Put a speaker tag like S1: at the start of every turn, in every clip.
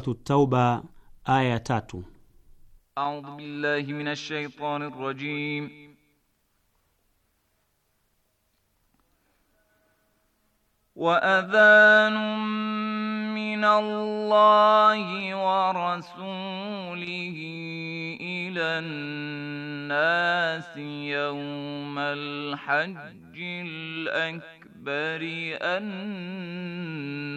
S1: سورة التوبة آية 3
S2: أعوذ بالله من الشيطان الرجيم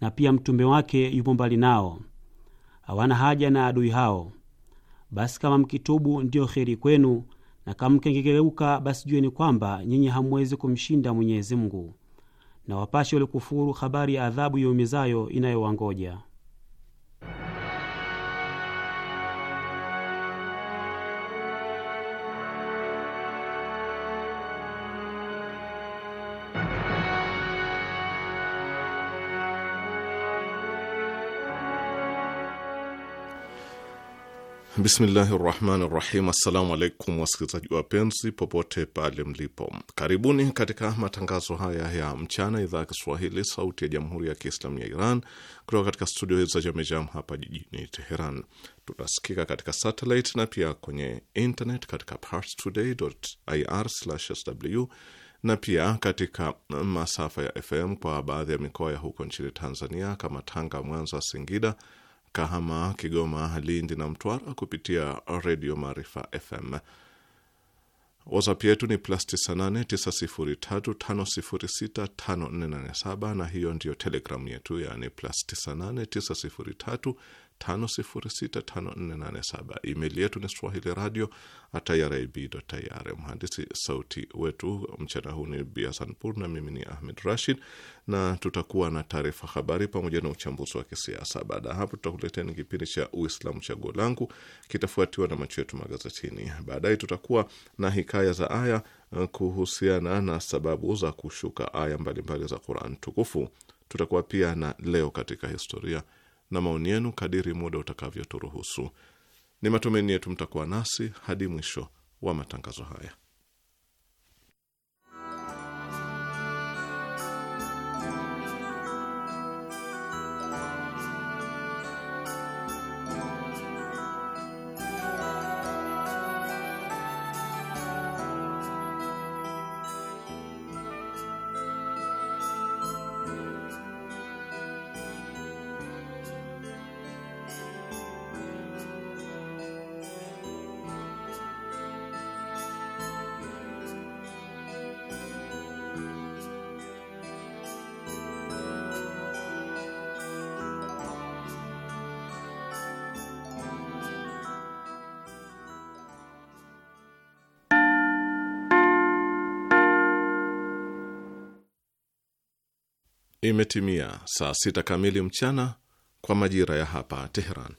S1: na pia mtume wake yupo mbali nao, hawana haja na adui hao. Basi kama mkitubu ndiyo kheri kwenu, na kama mkengegeuka, basi jueni kwamba nyinyi hamuwezi kumshinda Mwenyezi Mungu, na wapashe walikufuru habari ya adhabu yaumizayo inayowangoja.
S3: Bismillahi rahmani rahim. Assalamu alaikum wasikilizaji wapenzi, popote pale mlipo, karibuni katika matangazo haya ya mchana, idhaa ya Kiswahili sauti ya jamhuri ya Kiislamu ya Iran kutoka katika studio hizi za Jamejam hapa jijini Teheran. Tunasikika katika satelit na pia kwenye internet katika parstoday.ir/sw na pia katika masafa ya FM kwa baadhi ya mikoa ya huko nchini Tanzania kama Tanga, Mwanza, Singida Kahama, Kigoma, Lindi na Mtwara kupitia Redio Maarifa FM. WhatsApp yetu ni plus 989035065487 na hiyo ndiyo telegramu yetu, yaani plus 989035065487 5065487. Email yetu ni swahili radio iribtayare. Mhandisi sauti wetu mchana huu ni Biasanpur na mimi ni Ahmed Rashid, na tutakuwa na taarifa habari pamoja na uchambuzi wa kisiasa. Baada ya hapo, ni kipindi cha Uislamu chaguo langu, kitafuatiwa na macho yetu magazetini. Baadaye tutakuwa na hikaya za aya eh, kuhusiana na sababu za kushuka aya mbalimbali mbali za Quran tukufu. Tutakuwa pia na leo katika historia na maoni yenu kadiri muda utakavyoturuhusu. Ni matumaini yetu mtakuwa nasi hadi mwisho wa matangazo haya. imetimia saa sita kamili mchana kwa majira ya hapa Teheran.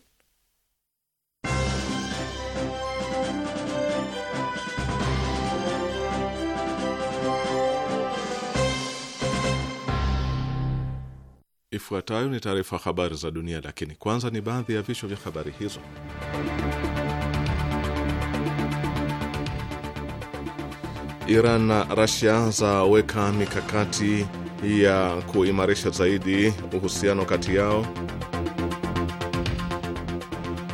S3: Ifuatayo ni taarifa habari za dunia, lakini kwanza ni baadhi ya vichwa vya habari hizo. Iran na Rasia zaweka mikakati ya kuimarisha zaidi uhusiano kati yao.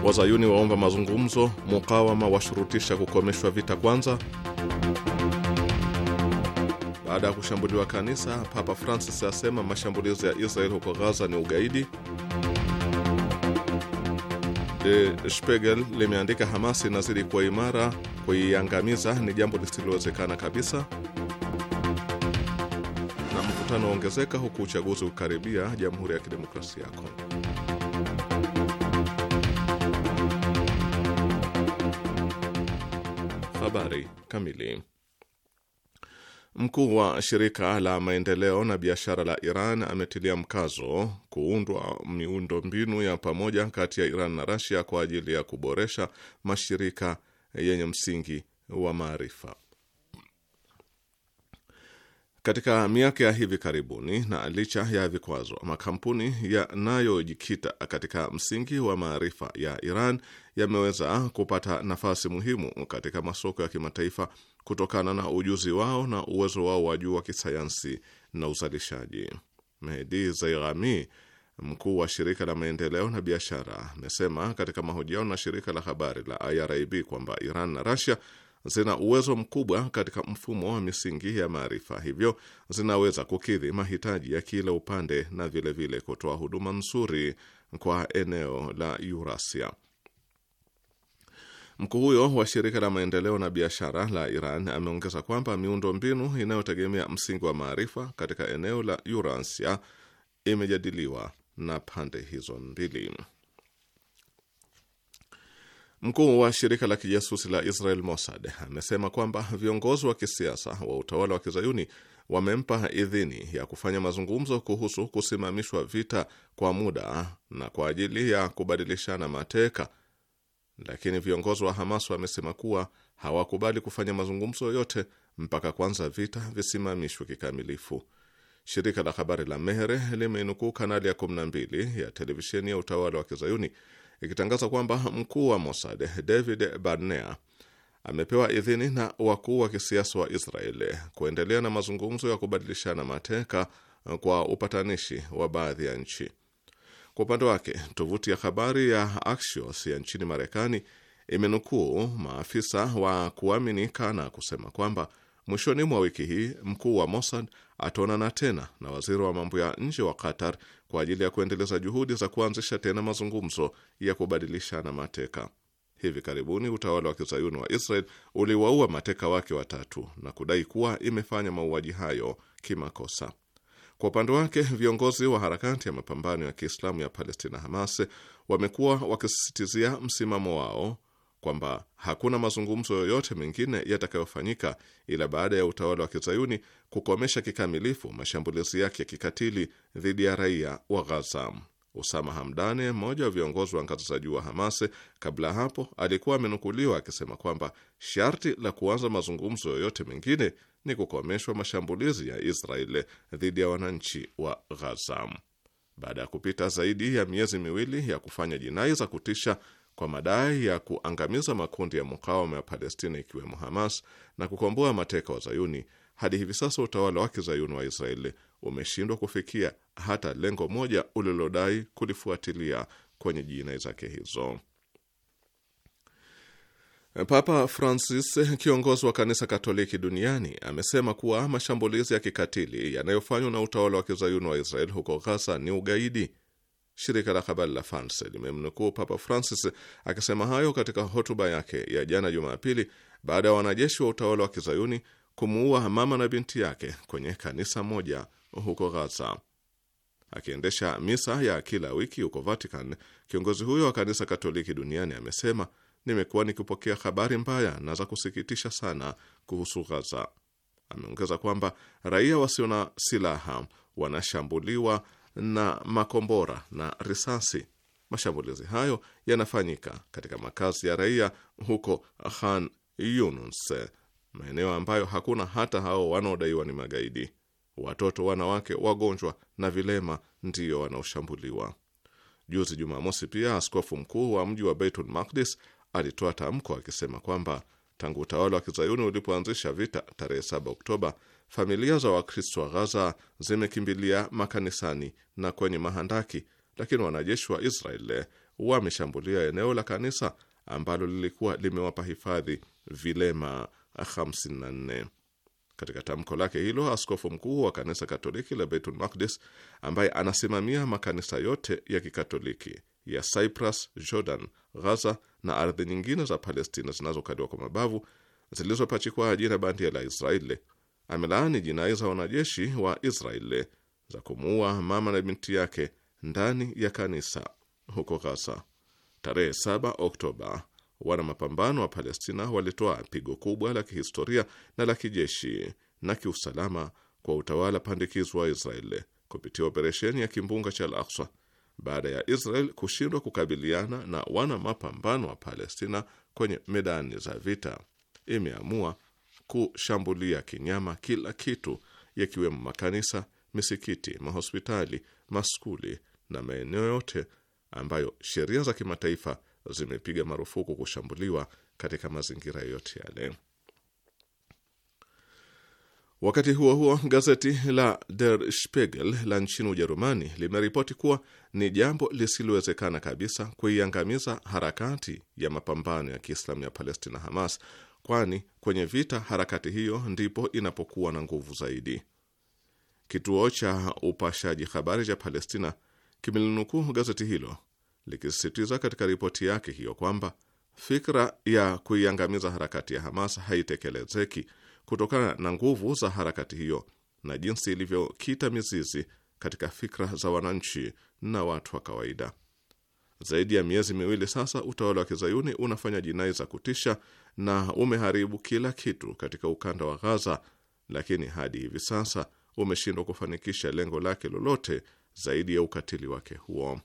S3: Wazayuni waomba mazungumzo, mukawama washurutisha kukomeshwa vita kwanza. Baada ya kushambuliwa kanisa, Papa Francis asema mashambulizi ya Israel huko Gaza ni ugaidi. De Spiegel limeandika Hamas inazidi kuwa imara, kuiangamiza ni jambo lisilowezekana kabisa mvutano unaongezeka huku uchaguzi ukikaribia Jamhuri ya Kidemokrasia ya Kongo. Habari kamili. Mkuu wa shirika la maendeleo na biashara la Iran ametilia mkazo kuundwa miundo mbinu ya pamoja kati ya Iran na Rasia kwa ajili ya kuboresha mashirika yenye msingi wa maarifa. Katika miaka ya hivi karibuni na licha ya vikwazo, makampuni yanayojikita katika msingi wa maarifa ya Iran yameweza kupata nafasi muhimu katika masoko ya kimataifa kutokana na ujuzi wao na uwezo wao wa juu wa kisayansi na uzalishaji. Mehdi Zairami, mkuu wa shirika la maendeleo na biashara, amesema katika mahojiano na shirika la habari la IRIB kwamba Iran na Russia zina uwezo mkubwa katika mfumo wa misingi ya maarifa, hivyo zinaweza kukidhi mahitaji ya kila upande na vilevile kutoa huduma nzuri kwa eneo la Urasia. Mkuu huyo wa shirika la maendeleo na biashara la Iran ameongeza kwamba miundo mbinu inayotegemea msingi wa maarifa katika eneo la Urasia imejadiliwa na pande hizo mbili. Mkuu wa shirika la kijasusi la Israel Mossad amesema kwamba viongozi wa kisiasa wa utawala wa kizayuni wamempa idhini ya kufanya mazungumzo kuhusu kusimamishwa vita kwa muda na kwa ajili ya kubadilishana mateka, lakini viongozi wa Hamas wamesema kuwa hawakubali kufanya mazungumzo yoyote mpaka kwanza vita visimamishwe kikamilifu. Shirika la habari la Mehre limeinukuu kanali ya 12 ya televisheni ya utawala wa kizayuni ikitangaza kwamba mkuu wa Mossad David Barnea amepewa idhini na wakuu wa kisiasa wa Israeli kuendelea na mazungumzo ya kubadilishana mateka kwa upatanishi wa baadhi ya nchi. Kwa upande wake, tovuti ya habari ya Axios ya nchini Marekani imenukuu maafisa wa kuaminika na kusema kwamba mwishoni mwa wiki hii mkuu wa Mossad ataonana tena na waziri wa mambo ya nje wa Qatar kwa ajili ya kuendeleza juhudi za kuanzisha tena mazungumzo ya kubadilishana mateka. Hivi karibuni utawala wa kizayuni wa Israel uliwaua mateka wake watatu na kudai kuwa imefanya mauaji hayo kimakosa. Kwa upande wake, viongozi wa harakati ya mapambano ya Kiislamu ya Palestina, Hamas, wamekuwa wakisisitizia msimamo wao kwamba hakuna mazungumzo yoyote mengine yatakayofanyika ila baada ya utawala wa kizayuni kukomesha kikamilifu mashambulizi yake ya kikatili dhidi ya raia wa Ghaza. Usama Hamdani, mmoja wa viongozi wa ngazi za juu wa Hamas, kabla hapo alikuwa amenukuliwa akisema kwamba sharti la kuanza mazungumzo yoyote mengine ni kukomeshwa mashambulizi ya Israeli dhidi ya wananchi wa Ghaza. Baada ya kupita zaidi ya miezi miwili ya kufanya jinai za kutisha kwa madai ya kuangamiza makundi ya mukawama ya Palestina ikiwemo Hamas na kukomboa mateka wa Zayuni, hadi hivi sasa utawala wa kizayuni wa Israeli umeshindwa kufikia hata lengo moja ulilodai kulifuatilia kwenye jinai zake hizo. Papa Francis, kiongozi wa kanisa Katoliki duniani, amesema kuwa mashambulizi ya kikatili yanayofanywa na utawala wa kizayuni wa Israel huko Ghaza ni ugaidi Shirika la habari la France limemnukuu Papa Francis akisema hayo katika hotuba yake ya jana Jumapili baada ya wanajeshi wa utawala wa kizayuni kumuua mama na binti yake kwenye kanisa moja huko Gaza. Akiendesha misa ya kila wiki huko Vatican, kiongozi huyo wa kanisa Katoliki duniani amesema, nimekuwa nikipokea habari mbaya na za kusikitisha sana kuhusu Gaza. Ameongeza kwamba raia wasio na silaha wanashambuliwa na makombora na risasi. Mashambulizi hayo yanafanyika katika makazi ya raia huko Khan Yunus, maeneo ambayo hakuna hata hao wanaodaiwa ni magaidi. Watoto, wanawake, wagonjwa na vilema ndiyo wanaoshambuliwa. Juzi Jumamosi pia askofu mkuu wa mji wa Beitul Makdis alitoa tamko akisema kwamba tangu utawala wa kizayuni ulipoanzisha vita tarehe 7 Oktoba familia za Wakristo wa Ghaza zimekimbilia makanisani na kwenye mahandaki, lakini wanajeshi wa Israel wameshambulia eneo la kanisa ambalo lilikuwa limewapa hifadhi vilema 54. Katika tamko lake hilo, askofu mkuu wa kanisa Katoliki la Beitul Makdis, ambaye anasimamia makanisa yote ya Kikatoliki ya Cyprus, Jordan, Ghaza na ardhi nyingine za Palestina zinazokaliwa kwa mabavu zilizopachikwa jina bandia la Israeli amelaani jinai za wanajeshi wa Israeli za kumuua mama na binti yake ndani ya kanisa huko Gaza. Tarehe 7 Oktoba, wana mapambano wa Palestina walitoa pigo kubwa la kihistoria na la kijeshi na kiusalama kwa utawala pandikizo wa Israeli kupitia operesheni ya kimbunga cha Al-Aqsa baada ya Israel kushindwa kukabiliana na wana mapambano wa Palestina kwenye medani za vita, imeamua kushambulia kinyama kila kitu, yakiwemo makanisa, misikiti, mahospitali, maskuli na maeneo yote ambayo sheria za kimataifa zimepiga marufuku kushambuliwa katika mazingira yote yale. Wakati huo huo, gazeti la Der Spiegel la nchini Ujerumani limeripoti kuwa ni jambo lisilowezekana kabisa kuiangamiza harakati ya mapambano ya Kiislamu ya Palestina, Hamas, kwani kwenye vita harakati hiyo ndipo inapokuwa na nguvu zaidi. Kituo cha upashaji habari cha Palestina kimelinukuu gazeti hilo likisisitiza katika ripoti yake hiyo kwamba fikra ya kuiangamiza harakati ya Hamas haitekelezeki kutokana na nguvu za harakati hiyo na jinsi ilivyokita mizizi katika fikra za wananchi na watu wa kawaida. Zaidi ya miezi miwili sasa utawala wa kizayuni unafanya jinai za kutisha na umeharibu kila kitu katika ukanda wa Ghaza, lakini hadi hivi sasa umeshindwa kufanikisha lengo lake lolote zaidi ya ukatili wake huo.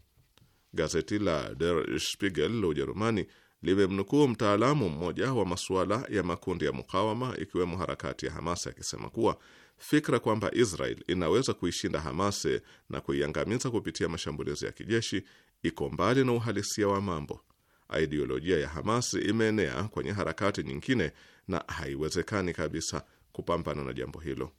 S3: Gazeti la Der Spiegel la Ujerumani limemnukuu mtaalamu mmoja wa masuala ya makundi ya mukawama ikiwemo harakati ya Hamas akisema kuwa fikra kwamba Israel inaweza kuishinda Hamas na kuiangamiza kupitia mashambulizi ya kijeshi iko mbali na uhalisia wa mambo. Aidiolojia ya Hamas imeenea kwenye harakati nyingine na haiwezekani kabisa kupambana na jambo hilo.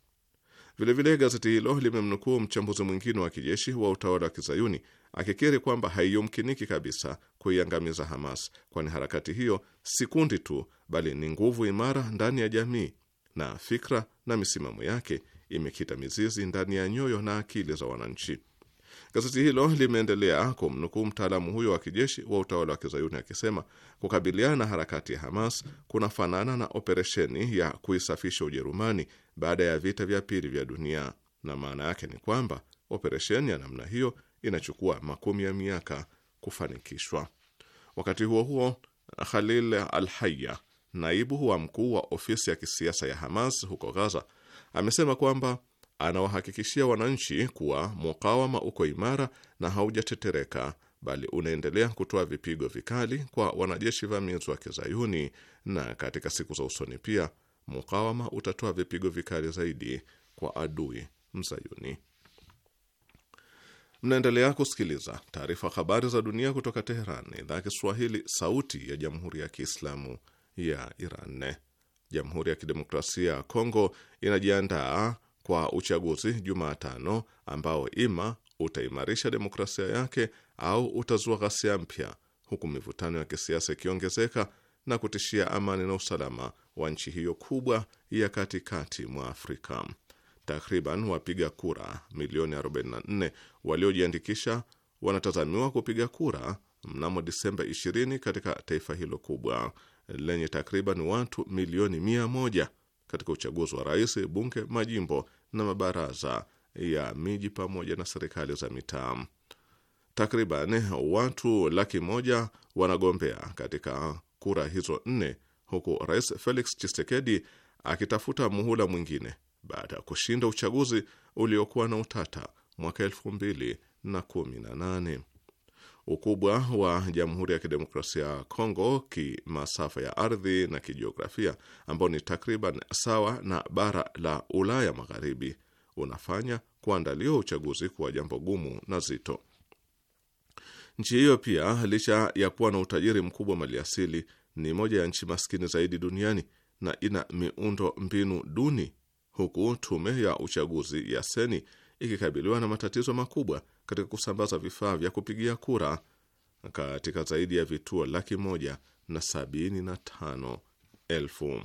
S3: Vilevile, gazeti hilo limemnukuu mchambuzi mwingine wa kijeshi wa utawala wa kizayuni akikiri kwamba haiyumkiniki kabisa kuiangamiza Hamas, kwani harakati hiyo si kundi tu, bali ni nguvu imara ndani ya jamii, na fikra na misimamo yake imekita mizizi ndani ya nyoyo na akili za wananchi. Gazeti hilo limeendelea kumnukuu mtaalamu huyo wa kijeshi wa utawala wa kizayuni akisema kukabiliana na harakati ya Hamas kunafanana na operesheni ya kuisafisha Ujerumani baada ya vita vya pili vya dunia, na maana yake ni kwamba operesheni ya namna hiyo inachukua makumi ya miaka kufanikishwa. Wakati huo huo, Khalil al naibu wa mkuu wa ofisi ya kisiasa ya Hamas huko Gaza, amesema kwamba anawahakikishia wananchi kuwa mukawama uko imara na haujatetereka, bali unaendelea kutoa vipigo vikali kwa wanajeshi vamizi wa Kizayuni, na katika siku za usoni pia mukawama utatoa vipigo vikali zaidi kwa adui Mzayuni. Mnaendelea kusikiliza taarifa habari za dunia kutoka Teheran, idhaa ya Kiswahili, sauti ya jamhuri ya kiislamu ya Iran. Jamhuri ya kidemokrasia ya Kongo inajiandaa kwa uchaguzi Jumatano ambao ima utaimarisha demokrasia yake au utazua ghasia mpya, huku mivutano ya kisiasa ikiongezeka na kutishia amani na usalama wa nchi hiyo kubwa ya katikati mwa Afrika. Takriban wapiga kura milioni 44 waliojiandikisha wanatazamiwa kupiga kura mnamo Disemba 20 katika taifa hilo kubwa lenye takriban watu milioni mia moja katika uchaguzi wa rais, bunge, majimbo na mabaraza ya miji pamoja na serikali za mitaa. Takriban watu laki moja wanagombea katika kura hizo nne, huku Rais Felix Tshisekedi akitafuta muhula mwingine baada ya kushinda uchaguzi uliokuwa na utata mwaka elfu mbili na kumi na nane. Ukubwa wa Jamhuri ya Kidemokrasia ya Kongo kimasafa ya ardhi na kijiografia, ambao ni takriban sawa na bara la Ulaya Magharibi, unafanya kuandaliwa uchaguzi kuwa jambo gumu na zito. Nchi hiyo pia, licha ya kuwa na utajiri mkubwa maliasili, ni moja ya nchi maskini zaidi duniani na ina miundo mbinu duni, huku tume ya uchaguzi ya Seni ikikabiliwa na matatizo makubwa katika kusambaza vifaa vya kupigia kura katika zaidi ya vituo laki moja na sabini na tano elfu.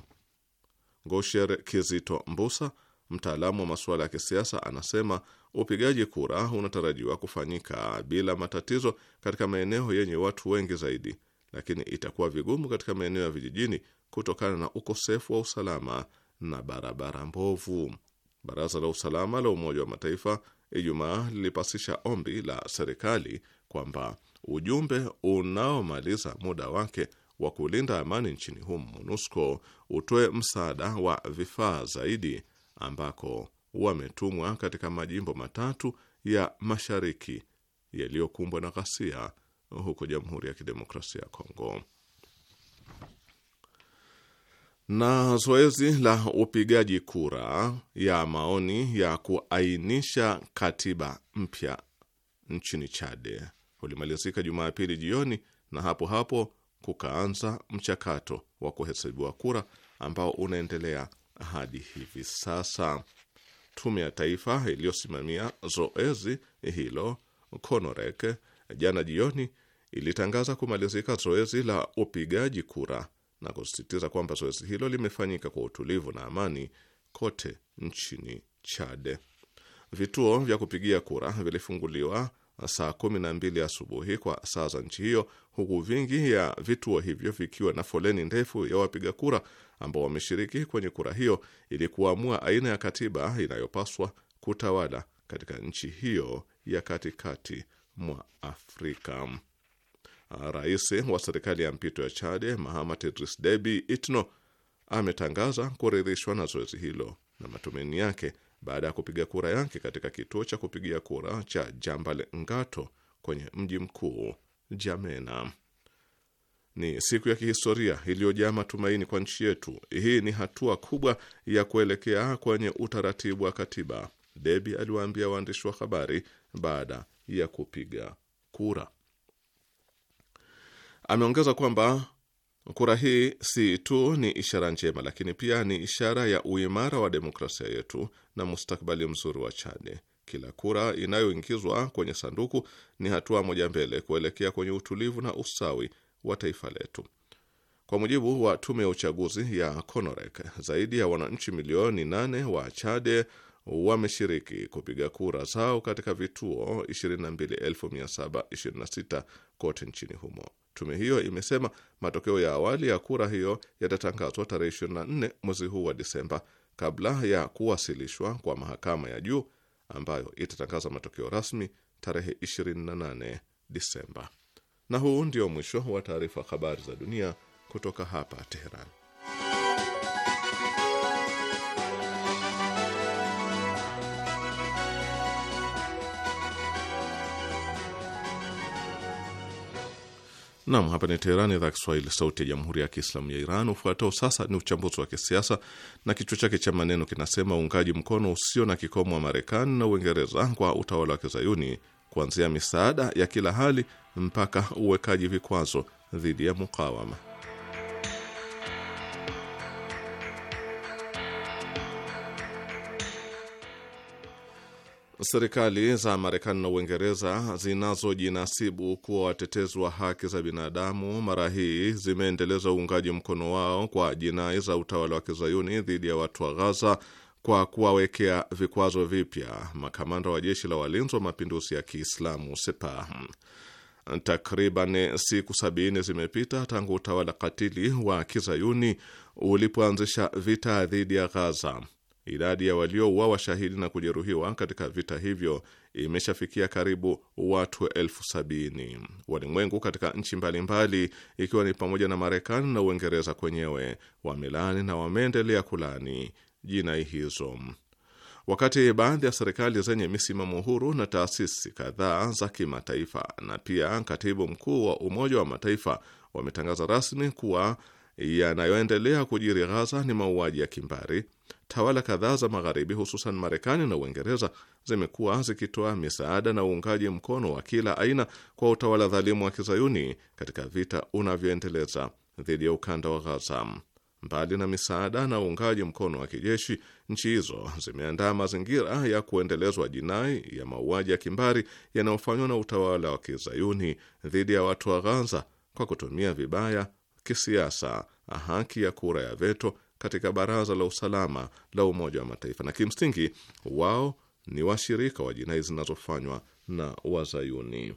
S3: Gosher Kizito Mbusa, mtaalamu wa masuala ya kisiasa, anasema upigaji kura unatarajiwa kufanyika bila matatizo katika maeneo yenye watu wengi zaidi, lakini itakuwa vigumu katika maeneo ya vijijini kutokana na ukosefu wa usalama na barabara mbovu. Baraza la Usalama la Umoja wa Mataifa Ijumaa lilipasisha ombi la serikali kwamba ujumbe unaomaliza muda wake wa kulinda amani nchini humo MONUSCO utoe msaada wa vifaa zaidi ambako wametumwa katika majimbo matatu ya mashariki yaliyokumbwa na ghasia huko Jamhuri ya Kidemokrasia ya Kongo na zoezi la upigaji kura ya maoni ya kuainisha katiba mpya nchini Chade ulimalizika Jumapili jioni, na hapo hapo kukaanza mchakato wa kuhesabiwa kura ambao unaendelea hadi hivi sasa. Tume ya Taifa iliyosimamia zoezi hilo Konorek jana jioni ilitangaza kumalizika zoezi la upigaji kura na kusisitiza kwamba zoezi hilo limefanyika kwa utulivu na amani kote nchini Chad. Vituo vya kupigia kura vilifunguliwa saa kumi na mbili asubuhi kwa saa za nchi hiyo, huku vingi ya vituo hivyo vikiwa na foleni ndefu ya wapiga kura ambao wameshiriki kwenye kura hiyo ili kuamua aina ya katiba inayopaswa kutawala katika nchi hiyo ya katikati mwa Afrika. Uh, rais wa serikali ya mpito ya Chade Mahamat Idris Debi Itno ametangaza kuridhishwa na zoezi hilo na matumaini yake baada ya kupiga kura yake katika kituo cha kupigia kura cha jambal Ngato kwenye mji mkuu Jamena. Ni siku ya kihistoria iliyojaa matumaini kwa nchi yetu. Hii ni hatua kubwa ya kuelekea kwenye utaratibu wa katiba, Debi aliwaambia waandishi wa habari baada ya kupiga kura. Ameongeza kwamba kura hii si tu ni ishara njema, lakini pia ni ishara ya uimara wa demokrasia yetu na mustakabali mzuri wa Chad. Kila kura inayoingizwa kwenye sanduku ni hatua moja mbele kuelekea kwenye utulivu na ustawi wa taifa letu. Kwa mujibu wa tume ya uchaguzi ya Conorec, zaidi ya wananchi milioni nane wa Chade wameshiriki kupiga kura zao katika vituo 22726 kote nchini humo. Tume hiyo imesema matokeo ya awali ya kura hiyo yatatangazwa tarehe 24 mwezi huu wa Disemba kabla ya kuwasilishwa kwa mahakama ya juu ambayo itatangaza matokeo rasmi tarehe 28 Disemba. Na huu ndio mwisho wa taarifa habari za dunia kutoka hapa Teheran. Nam, hapa ni Teherani, idhaa Kiswahili, sauti ya jamhuri ya kiislamu ya Iran. Ufuatao sasa ni uchambuzi wa kisiasa na kichwa chake cha maneno kinasema: uungaji mkono usio na kikomo wa Marekani na Uingereza kwa utawala wa kizayuni kuanzia misaada ya kila hali mpaka uwekaji vikwazo dhidi ya mukawama. Serikali za Marekani na Uingereza zinazojinasibu kuwa watetezi wa haki za binadamu mara hii zimeendeleza uungaji mkono wao kwa jinai za utawala wa kizayuni dhidi ya watu wa Ghaza kwa kuwawekea vikwazo vipya makamanda wa jeshi la walinzi wa mapinduzi ya Kiislamu Sepah. Takriban siku sabini zimepita tangu utawala katili wa kizayuni ulipoanzisha vita dhidi ya Ghaza Idadi ya waliouawa shahidi na kujeruhiwa katika vita hivyo imeshafikia karibu watu elfu sabini. Walimwengu katika nchi mbalimbali, ikiwa ni pamoja na Marekani na Uingereza kwenyewe, wamelaani na wameendelea kulaani jinai hizo, wakati baadhi ya serikali zenye misimamo huru na taasisi kadhaa za kimataifa na pia katibu mkuu wa Umoja wa Mataifa wametangaza rasmi kuwa yanayoendelea kujiri Ghaza ni mauaji ya kimbari tawala kadhaa za Magharibi, hususan Marekani na Uingereza, zimekuwa zikitoa misaada na uungaji mkono wa kila aina kwa utawala dhalimu wa kizayuni katika vita unavyoendeleza dhidi ya ukanda wa Ghaza. Mbali na misaada na uungaji mkono wa kijeshi, nchi hizo zimeandaa mazingira ya kuendelezwa jinai ya mauaji ya kimbari yanayofanywa na utawala wa kizayuni dhidi ya watu wa Ghaza kwa kutumia vibaya kisiasa haki ya kura ya veto katika Baraza la Usalama la Umoja wa Mataifa, na kimsingi wao ni washirika wa jinai zinazofanywa na Wazayuni.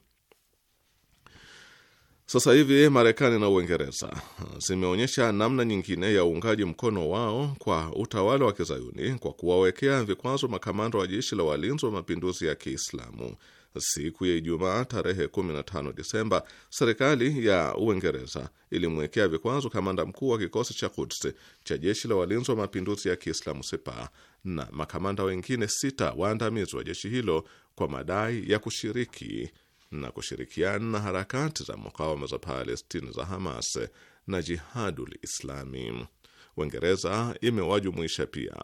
S3: Sasa hivi Marekani na Uingereza zimeonyesha namna nyingine ya uungaji mkono wao kwa utawala wa kizayuni kwa kuwawekea vikwazo makamanda wa jeshi la walinzi wa mapinduzi ya Kiislamu Siku ya Ijumaa tarehe 15 Disemba, serikali ya Uingereza ilimwekea vikwazo kamanda mkuu wa kikosi cha Quds cha jeshi la walinzi wa mapinduzi ya Kiislamu sepa na makamanda wengine sita waandamizi wa jeshi hilo kwa madai ya kushiriki na kushirikiana na harakati za mukawama za Palestini za Hamas na Jihadul Islami. Uingereza imewajumuisha pia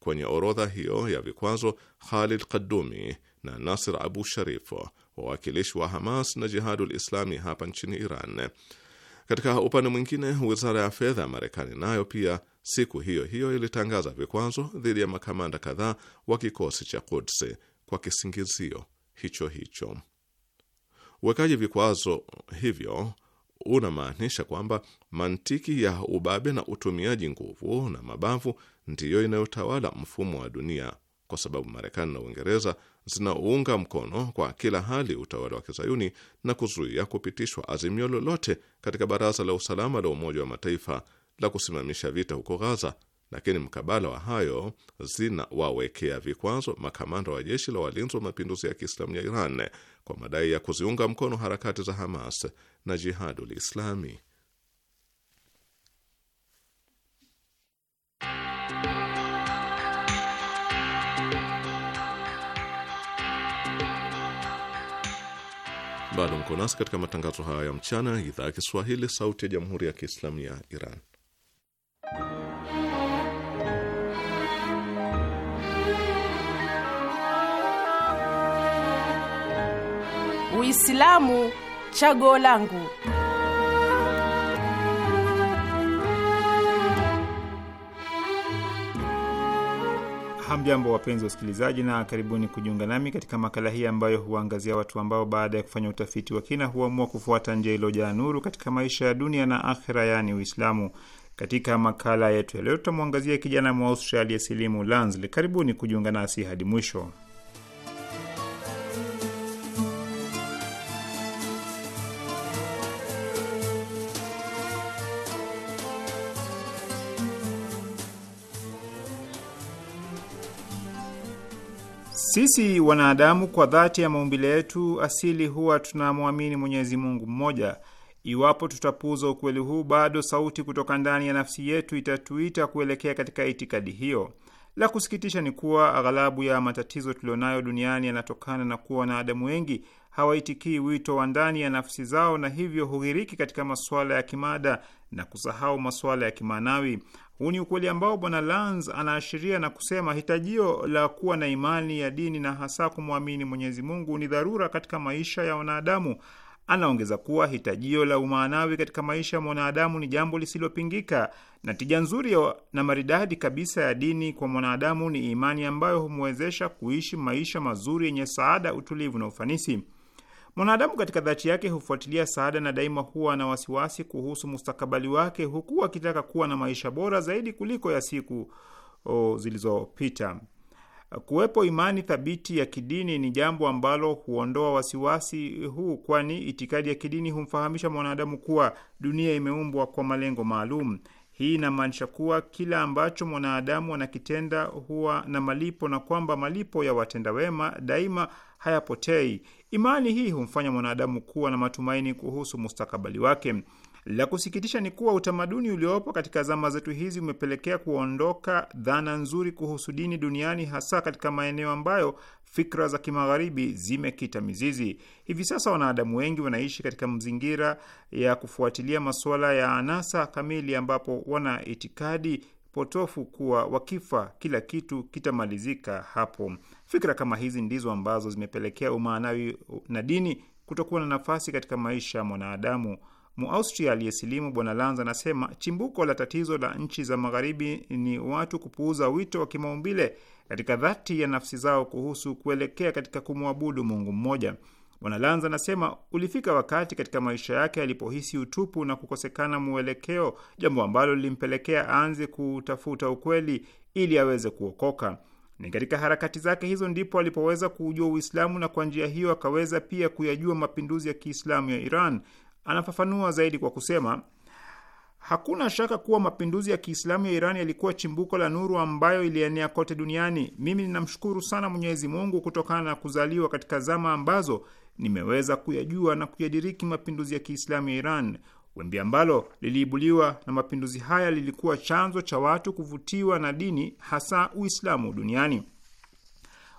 S3: kwenye orodha hiyo ya vikwazo Khalid Kadumi na Nasir Abu Sharif, wawakilishi wa Hamas na Jihadul Islami hapa nchini Iran. Katika upande mwingine, wizara ya fedha ya Marekani nayo pia siku hiyo hiyo ilitangaza vikwazo dhidi ya makamanda kadhaa wa kikosi cha Quds kwa kisingizio hicho hicho. Uwekaji vikwazo hivyo unamaanisha kwamba mantiki ya ubabe na utumiaji nguvu na mabavu ndiyo inayotawala mfumo wa dunia, kwa sababu Marekani na Uingereza zinaunga mkono kwa kila hali utawala wa kizayuni na kuzuia kupitishwa azimio lolote katika Baraza la Usalama la Umoja wa Mataifa la kusimamisha vita huko Ghaza, lakini mkabala wa hayo zinawawekea vikwazo makamanda wa jeshi la walinzi wa mapinduzi ya Kiislamu ya Iran kwa madai ya kuziunga mkono harakati za Hamas na Jihadul Islami. Bado mko nasi katika matangazo haya ya mchana, idhaa ya Kiswahili, sauti ya jamhuri ya kiislamu ya Iran.
S1: Uislamu chaguo langu.
S4: Hamjambo, wapenzi wa usikilizaji, na karibuni kujiunga nami katika makala hii ambayo huwaangazia watu ambao baada ya kufanya utafiti wa kina huamua kufuata njia iliyojaa nuru katika maisha ya dunia na akhira yaani Uislamu. Katika makala yetu ya leo, tutamwangazia kijana mwa Austria aliyesilimu Lansley. Karibuni kujiunga nasi hadi mwisho. Sisi wanadamu kwa dhati ya maumbile yetu asili huwa tunamwamini Mwenyezi Mungu mmoja. Iwapo tutapuuza ukweli huu, bado sauti kutoka ndani ya nafsi yetu itatuita kuelekea katika itikadi hiyo. La kusikitisha ni kuwa aghalabu ya matatizo tulionayo duniani yanatokana na kuwa wanadamu wengi hawaitikii wito wa ndani ya nafsi zao, na hivyo hughiriki katika masuala ya kimada na kusahau masuala ya kimaanawi. Huu ni ukweli ambao bwana Lans anaashiria na kusema hitajio la kuwa na imani ya dini na hasa kumwamini Mwenyezi Mungu ni dharura katika maisha ya wanadamu. Anaongeza kuwa hitajio la umaanawi katika maisha ya mwanadamu ni jambo lisilopingika, na tija nzuri na maridadi kabisa ya dini kwa mwanadamu ni imani ambayo humwezesha kuishi maisha mazuri yenye saada, utulivu na ufanisi. Mwanadamu katika dhati yake hufuatilia saada na daima huwa na wasiwasi kuhusu mustakabali wake, huku akitaka kuwa na maisha bora zaidi kuliko ya siku zilizopita. Kuwepo imani thabiti ya kidini ni jambo ambalo huondoa wasiwasi huu, kwani itikadi ya kidini humfahamisha mwanadamu kuwa dunia imeumbwa kwa malengo maalum. Hii inamaanisha kuwa kila ambacho mwanadamu anakitenda huwa na malipo na kwamba malipo ya watenda wema daima hayapotei. Imani hii humfanya mwanadamu kuwa na matumaini kuhusu mustakabali wake. La kusikitisha ni kuwa utamaduni uliopo katika zama zetu hizi umepelekea kuondoka dhana nzuri kuhusu dini duniani, hasa katika maeneo ambayo fikra za kimagharibi zimekita mizizi. Hivi sasa wanadamu wengi wanaishi katika mazingira ya kufuatilia masuala ya anasa kamili, ambapo wana itikadi potofu kuwa wakifa kila kitu kitamalizika hapo Fikra kama hizi ndizo ambazo zimepelekea umaanawi na dini kutokuwa na nafasi katika maisha ya mwanadamu. Muaustria aliyesilimu Bwana Lanz anasema chimbuko la tatizo la nchi za magharibi ni watu kupuuza wito wa kimaumbile katika dhati ya nafsi zao kuhusu kuelekea katika kumwabudu Mungu mmoja. Bwana Lanz anasema ulifika wakati katika maisha yake alipohisi utupu na kukosekana mwelekeo, jambo ambalo lilimpelekea aanze kutafuta ukweli ili aweze kuokoka. Ni katika harakati zake hizo ndipo alipoweza kuujua Uislamu na kwa njia hiyo akaweza pia kuyajua mapinduzi ya Kiislamu ya Iran. Anafafanua zaidi kwa kusema, hakuna shaka kuwa mapinduzi ya Kiislamu ya Iran yalikuwa chimbuko la nuru ambayo ilienea kote duniani. Mimi ninamshukuru sana Mwenyezi Mungu kutokana na kuzaliwa katika zama ambazo nimeweza kuyajua na kuyadiriki mapinduzi ya Kiislamu ya Iran. Wimbi ambalo liliibuliwa na mapinduzi haya lilikuwa chanzo cha watu kuvutiwa na dini, hasa Uislamu duniani.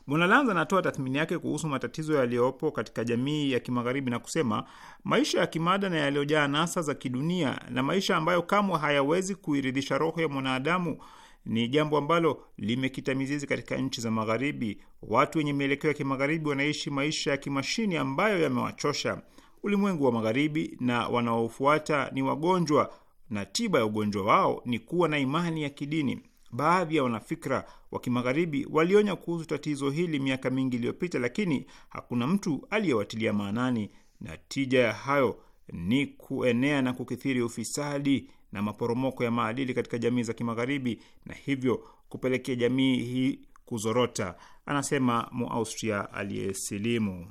S4: Bwana Lanza anatoa tathmini yake kuhusu matatizo yaliyopo katika jamii ya kimagharibi na kusema, maisha ya kimada na yaliyojaa nasa za kidunia na maisha ambayo kamwe hayawezi kuiridhisha roho ya mwanadamu ni jambo ambalo limekita mizizi katika nchi za Magharibi. Watu wenye mielekeo ya kimagharibi wanaishi maisha ya kimashini ambayo yamewachosha ulimwengu wa Magharibi na wanaofuata ni wagonjwa na tiba ya ugonjwa wao ni kuwa na imani ya kidini. Baadhi ya wanafikra wa kimagharibi walionya kuhusu tatizo hili miaka mingi iliyopita, lakini hakuna mtu aliyewatilia maanani. Natija ya hayo ni kuenea na kukithiri ufisadi na maporomoko ya maadili katika jamii za kimagharibi, na hivyo kupelekea jamii hii kuzorota, anasema Muaustria aliyesilimu.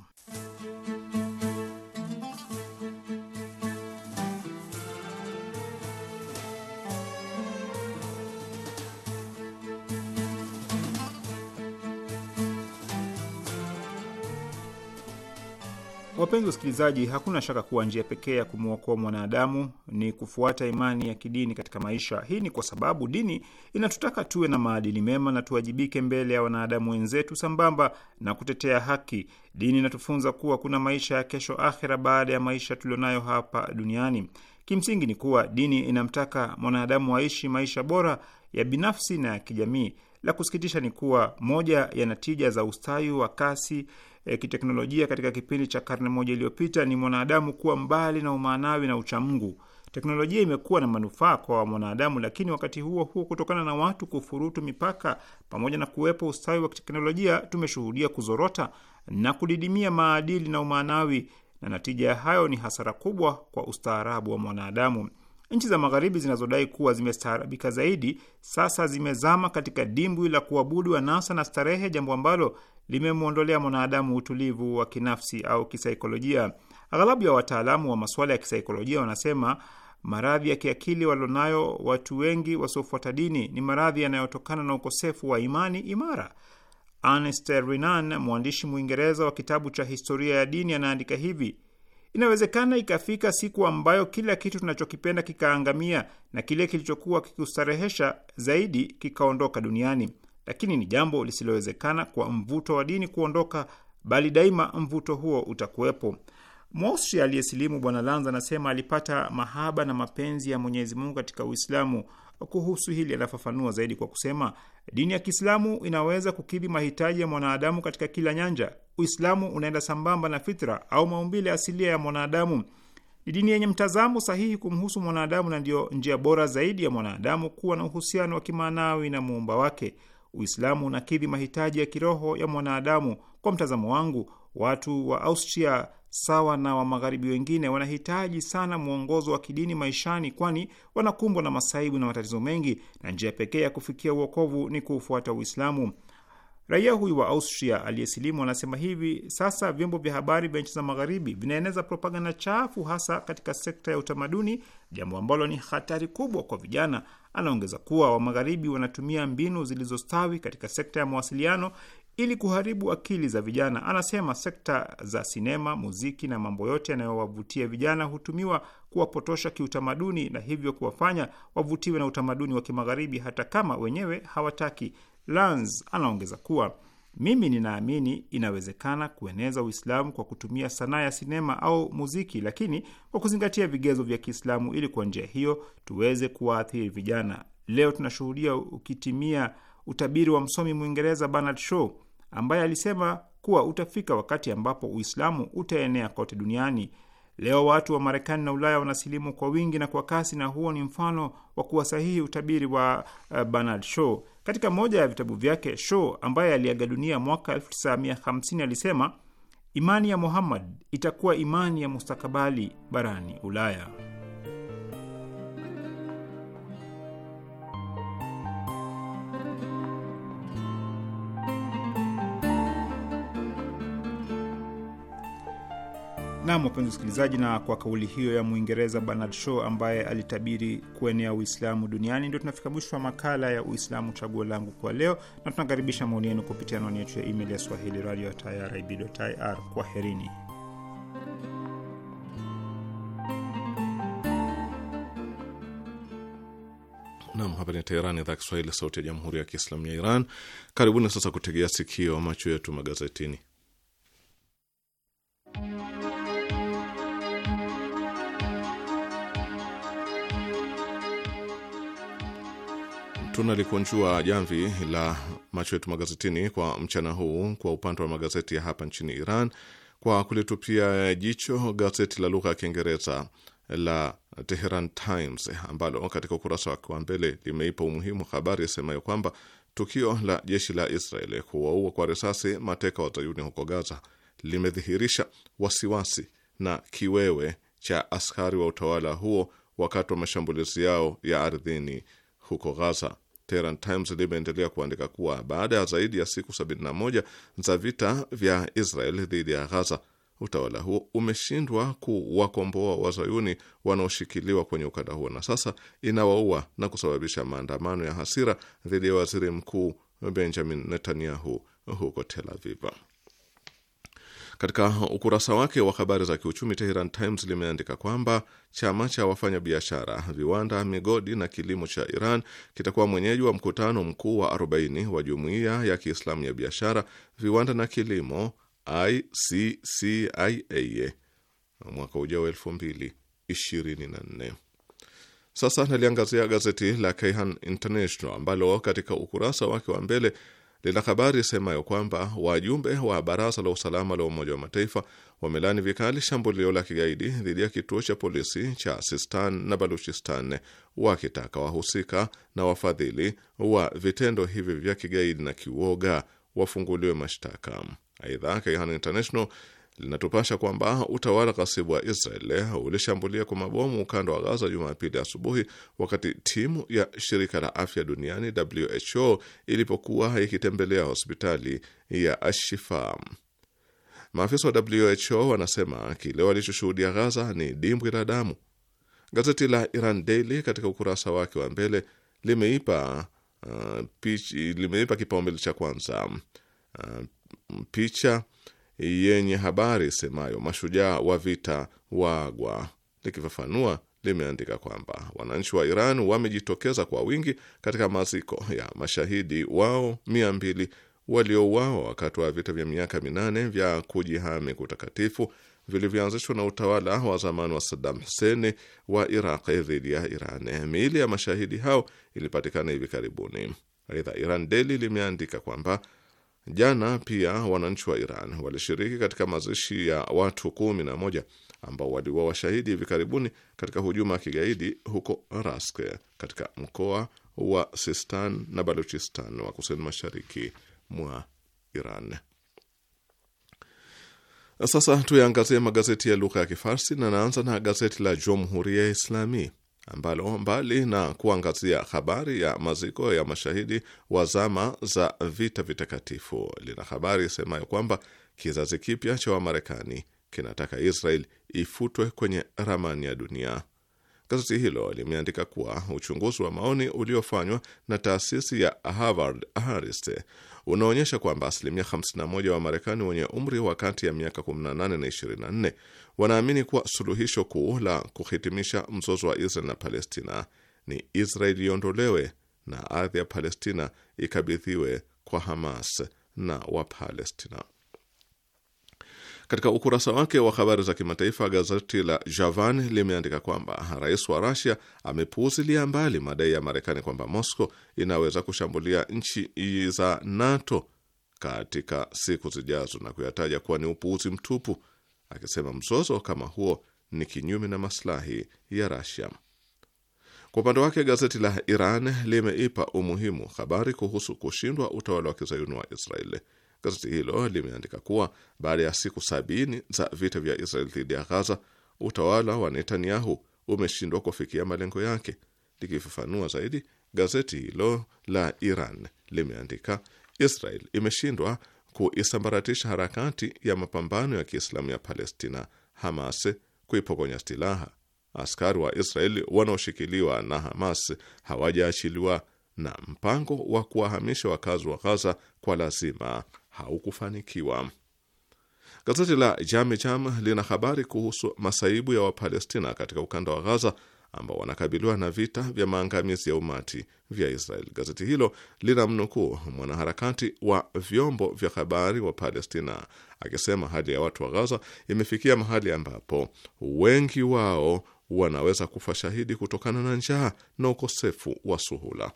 S4: Wapenzi wasikilizaji, hakuna shaka kuwa njia pekee ya kumwokoa mwanadamu ni kufuata imani ya kidini katika maisha. Hii ni kwa sababu dini inatutaka tuwe na maadili mema na tuwajibike mbele ya wanadamu wenzetu, sambamba na kutetea haki. Dini inatufunza kuwa kuna maisha ya kesho, akhera, baada ya maisha tulionayo hapa duniani. Kimsingi ni kuwa dini inamtaka mwanadamu aishi maisha bora ya binafsi na ya kijamii. La kusikitisha ni kuwa moja ya natija za ustawi wa kasi e, kiteknolojia katika kipindi cha karne moja iliyopita ni mwanadamu kuwa mbali na umaanawi na uchamungu. Teknolojia imekuwa na manufaa kwa mwanadamu, lakini wakati huo huo, kutokana na watu kufurutu mipaka, pamoja na kuwepo ustawi wa teknolojia, tumeshuhudia kuzorota na kudidimia maadili na umaanawi, na natija ya hayo ni hasara kubwa kwa ustaarabu wa mwanadamu. Nchi za Magharibi zinazodai kuwa zimestaarabika zaidi sasa zimezama katika dimbwi la kuabudu anasa na starehe, jambo ambalo limemwondolea mwanadamu utulivu wa kinafsi au kisaikolojia. Aghalabu ya wataalamu wa masuala ya kisaikolojia wanasema maradhi ya kiakili walionayo watu wengi wasiofuata dini ni maradhi yanayotokana na ukosefu wa imani imara. Ernest Renan, mwandishi Mwingereza wa kitabu cha historia ya dini, anaandika hivi: Inawezekana ikafika siku ambayo kila kitu tunachokipenda kikaangamia na kile kilichokuwa kikustarehesha zaidi kikaondoka duniani, lakini ni jambo lisilowezekana kwa mvuto wa dini kuondoka, bali daima mvuto huo utakuwepo. mosi aliyesilimu Bwana Lanza anasema alipata mahaba na mapenzi ya Mwenyezi Mungu katika Uislamu. Kuhusu hili anafafanua zaidi kwa kusema, dini ya Kiislamu inaweza kukidhi mahitaji ya mwanadamu katika kila nyanja. Uislamu unaenda sambamba na fitra au maumbile asilia ya mwanadamu. Ni dini yenye mtazamo sahihi kumhusu mwanadamu na ndiyo njia bora zaidi ya mwanadamu kuwa na uhusiano wa kimaanawi na muumba wake. Uislamu unakidhi mahitaji ya kiroho ya mwanadamu. Kwa mtazamo wangu, watu wa Austria sawa na wa magharibi wengine wanahitaji sana mwongozo wa kidini maishani, kwani wanakumbwa na masaibu na matatizo mengi, na njia pekee ya kufikia uokovu ni kuufuata Uislamu. Raia huyu wa Austria aliyesilimu anasema hivi sasa vyombo vya habari vya nchi za magharibi vinaeneza propaganda chafu, hasa katika sekta ya utamaduni, jambo ambalo ni hatari kubwa kwa vijana. Anaongeza kuwa wa magharibi wanatumia mbinu zilizostawi katika sekta ya mawasiliano ili kuharibu akili za vijana. Anasema sekta za sinema, muziki na mambo yote yanayowavutia vijana hutumiwa kuwapotosha kiutamaduni na hivyo kuwafanya wavutiwe na utamaduni wa kimagharibi hata kama wenyewe hawataki. Lanz anaongeza kuwa mimi ninaamini inawezekana kueneza Uislamu kwa kutumia sanaa ya sinema au muziki, lakini kwa kuzingatia vigezo vya Kiislamu ili kwa njia hiyo tuweze kuwaathiri vijana. Leo tunashuhudia ukitimia utabiri wa msomi Mwingereza Bernard Shaw ambaye alisema kuwa utafika wakati ambapo Uislamu utaenea kote duniani Leo watu wa Marekani na Ulaya wanasilimu kwa wingi na kwa kasi, na huo ni mfano wa kuwa sahihi utabiri wa uh, Bernard Shaw. Katika moja ya vitabu vyake, Shaw ambaye aliaga dunia mwaka 1950 alisema imani ya Muhammad itakuwa imani ya mustakabali barani Ulaya. Nam, wapenzi wasikilizaji, na kwa kauli hiyo ya Mwingereza Bernard Shaw ambaye alitabiri kuenea Uislamu duniani, ndio tunafika mwisho wa makala ya Uislamu Chaguo Langu kwa leo, na tunakaribisha maoni yenu kupitia anwani yetu ya email ya swahili radio irib.ir. Kwaherini.
S3: Nam, hapa ni idhaa Kiswahili, sauti ya jamhuri ya kiislamu ya Iran. Karibuni sasa kutegea sikio macho yetu magazetini. Tunalikunjua jamvi la macho yetu magazetini kwa mchana huu kwa upande wa magazeti ya hapa nchini Iran kwa kulitupia jicho gazeti la lugha ya Kiingereza la Teheran Times ambalo katika ukurasa wake wa mbele limeipa umuhimu habari isemayo kwamba tukio la jeshi la Israeli kuwaua kwa risasi mateka wa zayuni huko Gaza limedhihirisha wasiwasi na kiwewe cha askari wa utawala huo wakati wa mashambulizi yao ya ardhini huko Gaza. Tehran Times limeendelea kuandika kuwa baada ya zaidi ya siku 71 za vita vya Israel dhidi ya Ghaza, utawala huo umeshindwa kuwakomboa wazayuni wanaoshikiliwa kwenye ukanda huo, na sasa inawaua na kusababisha maandamano ya hasira dhidi ya waziri mkuu Benjamin Netanyahu huko Tel Aviv. Katika ukurasa wake wa habari za kiuchumi, Teheran Times limeandika kwamba chama cha wafanyabiashara, viwanda, migodi na kilimo cha Iran kitakuwa mwenyeji wa mkutano mkuu wa 40 wa Jumuiya ya Kiislamu ya Biashara, Viwanda na Kilimo ICCIA mwaka ujao 2024. Sasa naliangazia gazeti la Kayhan International ambalo katika ukurasa wake wa mbele lina habari isemayo kwamba wajumbe wa baraza la usalama la Umoja wa Mataifa wamelani vikali shambulio la kigaidi dhidi ya kituo cha polisi cha Sistan na Baluchistan, wakitaka wahusika na wafadhili wa vitendo hivi vya kigaidi na kiuoga wafunguliwe mashtaka. Aidha, Kayhan International linatupasha kwamba utawala ghasibu wa Israel ulishambulia kwa mabomu ukanda wa Gaza Jumapili asubuhi wakati timu ya shirika la afya duniani WHO ilipokuwa ikitembelea hospitali ya Ashifa. Maafisa wa WHO wanasema kile walichoshuhudia Gaza ni dimbwi la damu. Gazeti la Iran Daily katika ukurasa wake wa mbele limeipa uh, limeipa kipaumbele cha kwanza uh, picha yenye habari isemayo mashujaa wa vita wagwa, likifafanua limeandika kwamba wananchi wa Iran wamejitokeza kwa wingi katika maziko ya mashahidi wao mia mbili waliouawa wakati wa vita vya miaka minane vya kujihami kutakatifu vilivyoanzishwa na utawala wa zamani wa Saddam Hussein wa Iraq dhidi ya Iran. Miili ya mashahidi hao ilipatikana hivi karibuni. Aidha, Iran Daily limeandika kwamba Jana pia wananchi wa Iran walishiriki katika mazishi ya watu kumi na moja ambao waliwa washahidi hivi karibuni katika hujuma ya kigaidi huko Rask katika mkoa wa Sistan na Baluchistan wa kusini mashariki mwa Iran. Sasa tuyaangazie magazeti ya lugha ya Kifarsi na naanza na gazeti la ya Islami ambalo mbali na kuangazia habari ya maziko ya mashahidi wa zama za vita vitakatifu lina habari isemayo kwamba kizazi kipya cha Wamarekani kinataka Israel ifutwe kwenye ramani ya dunia. Gazeti hilo limeandika kuwa uchunguzi wa maoni uliofanywa na taasisi ya Harvard Harris unaonyesha kwamba asilimia 51 wa Marekani wenye umri wa kati ya miaka 18 na 24 wanaamini kuwa suluhisho kuu la kuhitimisha mzozo wa Israel na Palestina ni Israel iondolewe na ardhi ya Palestina ikabidhiwe kwa Hamas na Wapalestina. Katika ukurasa wake wa habari za kimataifa gazeti la Javan limeandika kwamba rais wa Rusia amepuuzilia mbali madai ya Marekani kwamba Moscow inaweza kushambulia nchi za NATO katika siku zijazo na kuyataja kuwa ni upuuzi mtupu akisema mzozo kama huo ni kinyume na maslahi ya Rasia. Kwa upande wake gazeti la Iran limeipa umuhimu habari kuhusu kushindwa utawala wa kizayuni wa Israeli. Gazeti hilo limeandika kuwa baada ya siku sabini za vita vya Israel dhidi ya Ghaza, utawala wa Netanyahu umeshindwa kufikia malengo yake. Likifafanua zaidi, gazeti hilo la Iran limeandika Israel imeshindwa kuisambaratisha harakati ya mapambano ya Kiislamu ya Palestina, Hamas, kuipokonya silaha. Askari wa Israeli wanaoshikiliwa na Hamas hawajaachiliwa na mpango wa kuwahamisha wakazi wa Ghaza kwa lazima haukufanikiwa. Gazeti la Jam lina habari kuhusu masaibu ya Wapalestina katika ukanda wa Ghaza ambao wanakabiliwa na vita vya maangamizi ya umati vya Israel. Gazeti hilo lina mnukuu mwanaharakati wa vyombo vya habari wa Palestina akisema hali ya watu wa Gaza imefikia mahali ambapo wengi wao wanaweza kufa shahidi kutokana na njaa na ukosefu wa suhula.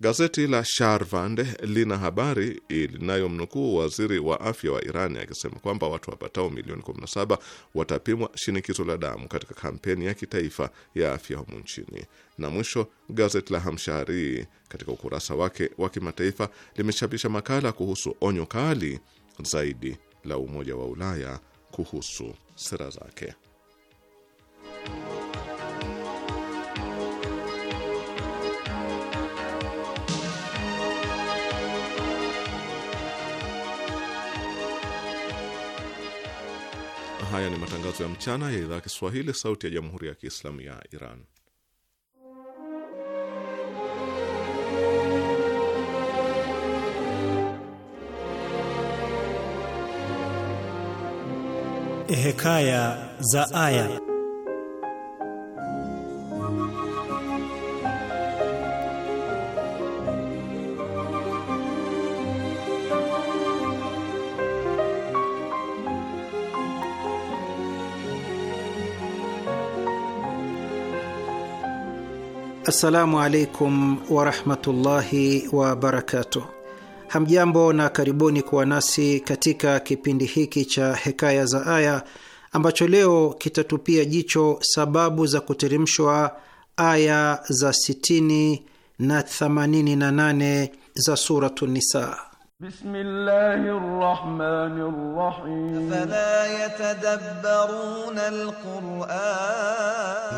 S3: Gazeti la Sharvande lina habari linayomnukuu waziri wa afya wa Irani akisema kwamba watu wapatao milioni 17 watapimwa shinikizo la damu katika kampeni ya kitaifa ya afya humu nchini. Na mwisho, gazeti la Hamshari katika ukurasa wake wa kimataifa limechapisha makala kuhusu onyo kali zaidi la Umoja wa Ulaya kuhusu sera zake. haya ni matangazo ya mchana ya idhaa Kiswahili, sauti ya jamhuri ya kiislamu ya Iran.
S1: Hekaya za Aya.
S5: Assalamu alaikum warahmatullahi wabarakatuh. Hamjambo na karibuni kuwa nasi katika kipindi hiki cha Hekaya za Aya ambacho leo kitatupia jicho sababu za kuteremshwa aya za 60 na 88 za Suratu Nisa.
S6: Bismillahi
S7: rahim. yatadabbaruna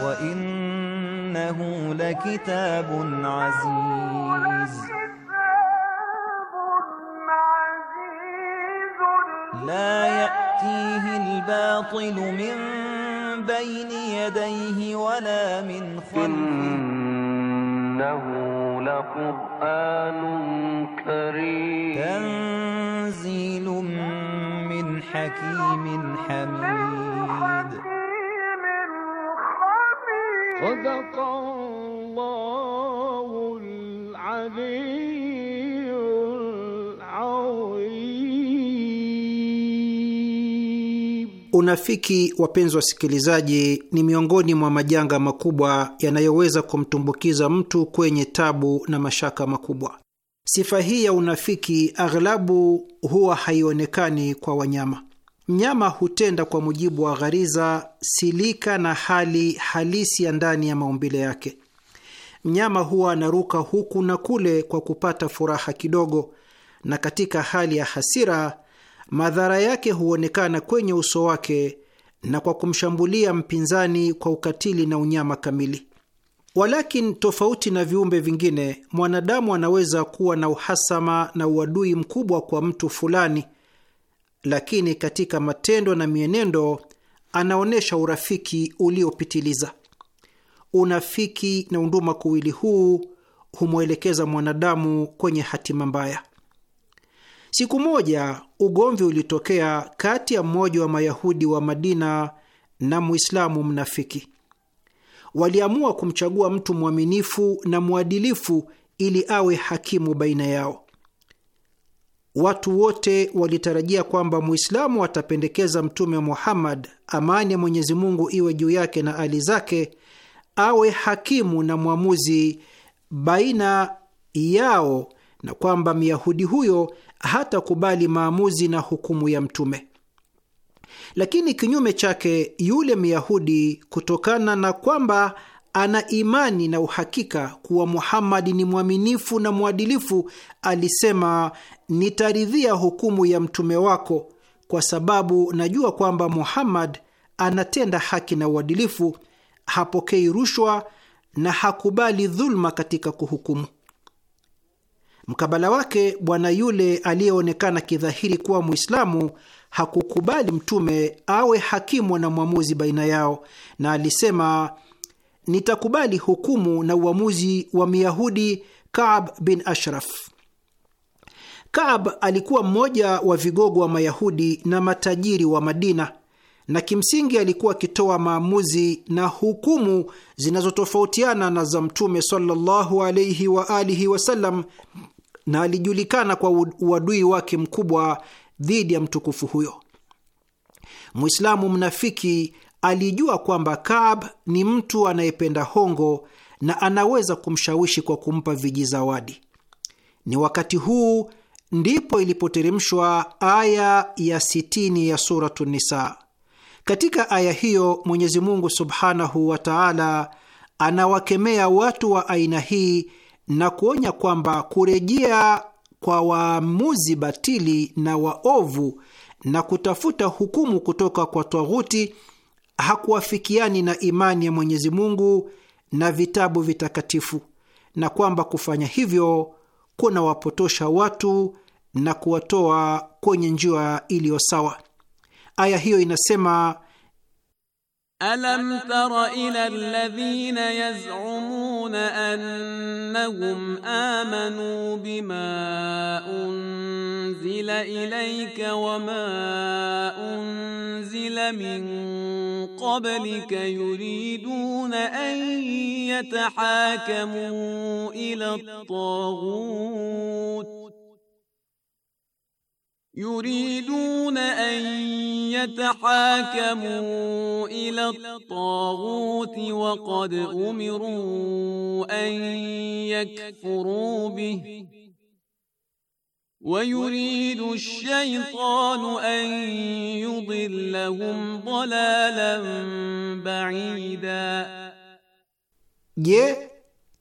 S6: wa in إنه لكتاب
S2: عزيز لا يأتيه الباطل من بين يديه ولا من خلفه إنه لقرآن كريم تنزيل
S6: من حكيم حميد Unafiki,
S5: wapenzi wasikilizaji, ni miongoni mwa majanga makubwa yanayoweza kumtumbukiza mtu kwenye tabu na mashaka makubwa. Sifa hii ya unafiki aghlabu huwa haionekani kwa wanyama. Nyama hutenda kwa mujibu wa ghariza, silika na hali halisi ya ndani ya maumbile yake. Mnyama huwa anaruka huku na kule kwa kupata furaha kidogo, na katika hali ya hasira madhara yake huonekana kwenye uso wake na kwa kumshambulia mpinzani kwa ukatili na unyama kamili. Walakin, tofauti na viumbe vingine, mwanadamu anaweza kuwa na uhasama na uadui mkubwa kwa mtu fulani lakini katika matendo na mienendo anaonyesha urafiki uliopitiliza. Unafiki na unduma kuwili huu humwelekeza mwanadamu kwenye hatima mbaya. Siku moja ugomvi ulitokea kati ya mmoja wa Mayahudi wa Madina na Muislamu mnafiki. Waliamua kumchagua mtu mwaminifu na mwadilifu ili awe hakimu baina yao. Watu wote walitarajia kwamba Muislamu atapendekeza Mtume Muhammad, amani ya Mwenyezi Mungu iwe juu yake na ali zake, awe hakimu na mwamuzi baina yao na kwamba Myahudi huyo hatakubali maamuzi na hukumu ya Mtume. Lakini kinyume chake, yule Myahudi, kutokana na kwamba ana imani na uhakika kuwa Muhammadi ni mwaminifu na mwadilifu, alisema nitaridhia hukumu ya mtume wako, kwa sababu najua kwamba Muhammad anatenda haki na uadilifu, hapokei rushwa na hakubali dhuluma katika kuhukumu. Mkabala wake bwana yule aliyeonekana kidhahiri kuwa Mwislamu hakukubali mtume awe hakimu na mwamuzi baina yao, na alisema, nitakubali hukumu na uamuzi wa Myahudi Kaab bin Ashraf. Kaab alikuwa mmoja wa vigogo wa Mayahudi na matajiri wa Madina, na kimsingi alikuwa akitoa maamuzi na hukumu zinazotofautiana na za Mtume sallallahu alaihi wa alihi wasallam, na alijulikana kwa uadui wake mkubwa dhidi ya mtukufu huyo. Mwislamu mnafiki alijua kwamba Kaab ni mtu anayependa hongo na anaweza kumshawishi kwa kumpa vijizawadi. Ni wakati huu ndipo ilipoteremshwa aya ya 60 ya Suratu Nisa. Katika aya hiyo Mwenyezi Mungu subhanahu wa taala anawakemea watu wa aina hii na kuonya kwamba kurejea kwa waamuzi batili na waovu na kutafuta hukumu kutoka kwa twaghuti hakuwafikiani na imani ya Mwenyezi Mungu na vitabu vitakatifu, na kwamba kufanya hivyo kunawapotosha watu na kuwatoa kwenye njia iliyo sawa. Aya hiyo inasema
S7: ألم تر إلى الذين يزعمون أنهم آمنوا بما أنزل إليك وما أنزل من قبلك يريدون أن يتحاكموا إلى الطاغوت yuridun an yatahakamu ila at-taghut wa qad umiru an yakfuru bihi wa yuridu ash-shaytanu an yudillahum dalalan ba'ida,
S5: je,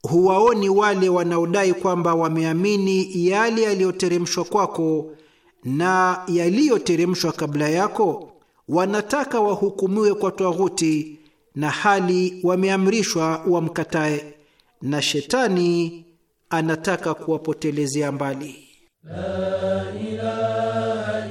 S5: huwaoni wale wanaodai kwamba wameamini yale yaliyoteremshwa kwako na yaliyoteremshwa kabla yako wanataka wahukumiwe kwa twaguti na hali wameamrishwa wamkatae, na shetani anataka kuwapotelezea mbali La ilaha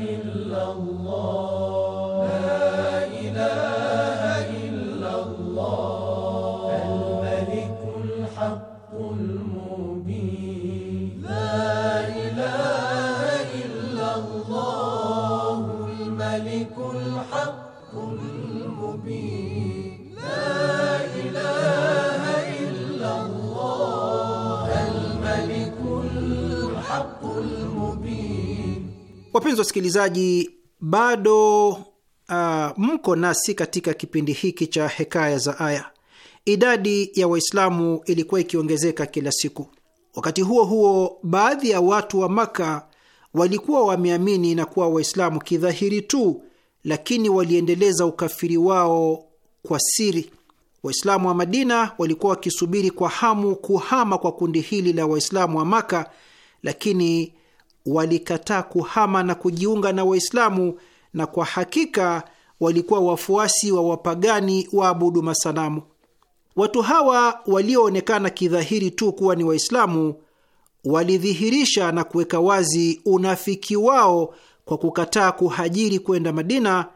S5: Wapenzi wasikilizaji, bado uh, mko nasi katika kipindi hiki cha Hekaya za Aya. Idadi ya Waislamu ilikuwa ikiongezeka kila siku. Wakati huo huo, baadhi ya watu wa Maka walikuwa wameamini na kuwa Waislamu kidhahiri tu, lakini waliendeleza ukafiri wao kwa siri. Waislamu wa Madina walikuwa wakisubiri kwa hamu kuhama kwa kundi hili la Waislamu wa Maka, lakini walikataa kuhama na kujiunga na Waislamu, na kwa hakika walikuwa wafuasi wa wapagani waabudu masanamu. Watu hawa walioonekana kidhahiri tu kuwa ni Waislamu walidhihirisha na kuweka wazi unafiki wao kwa kukataa kuhajiri kwenda Madina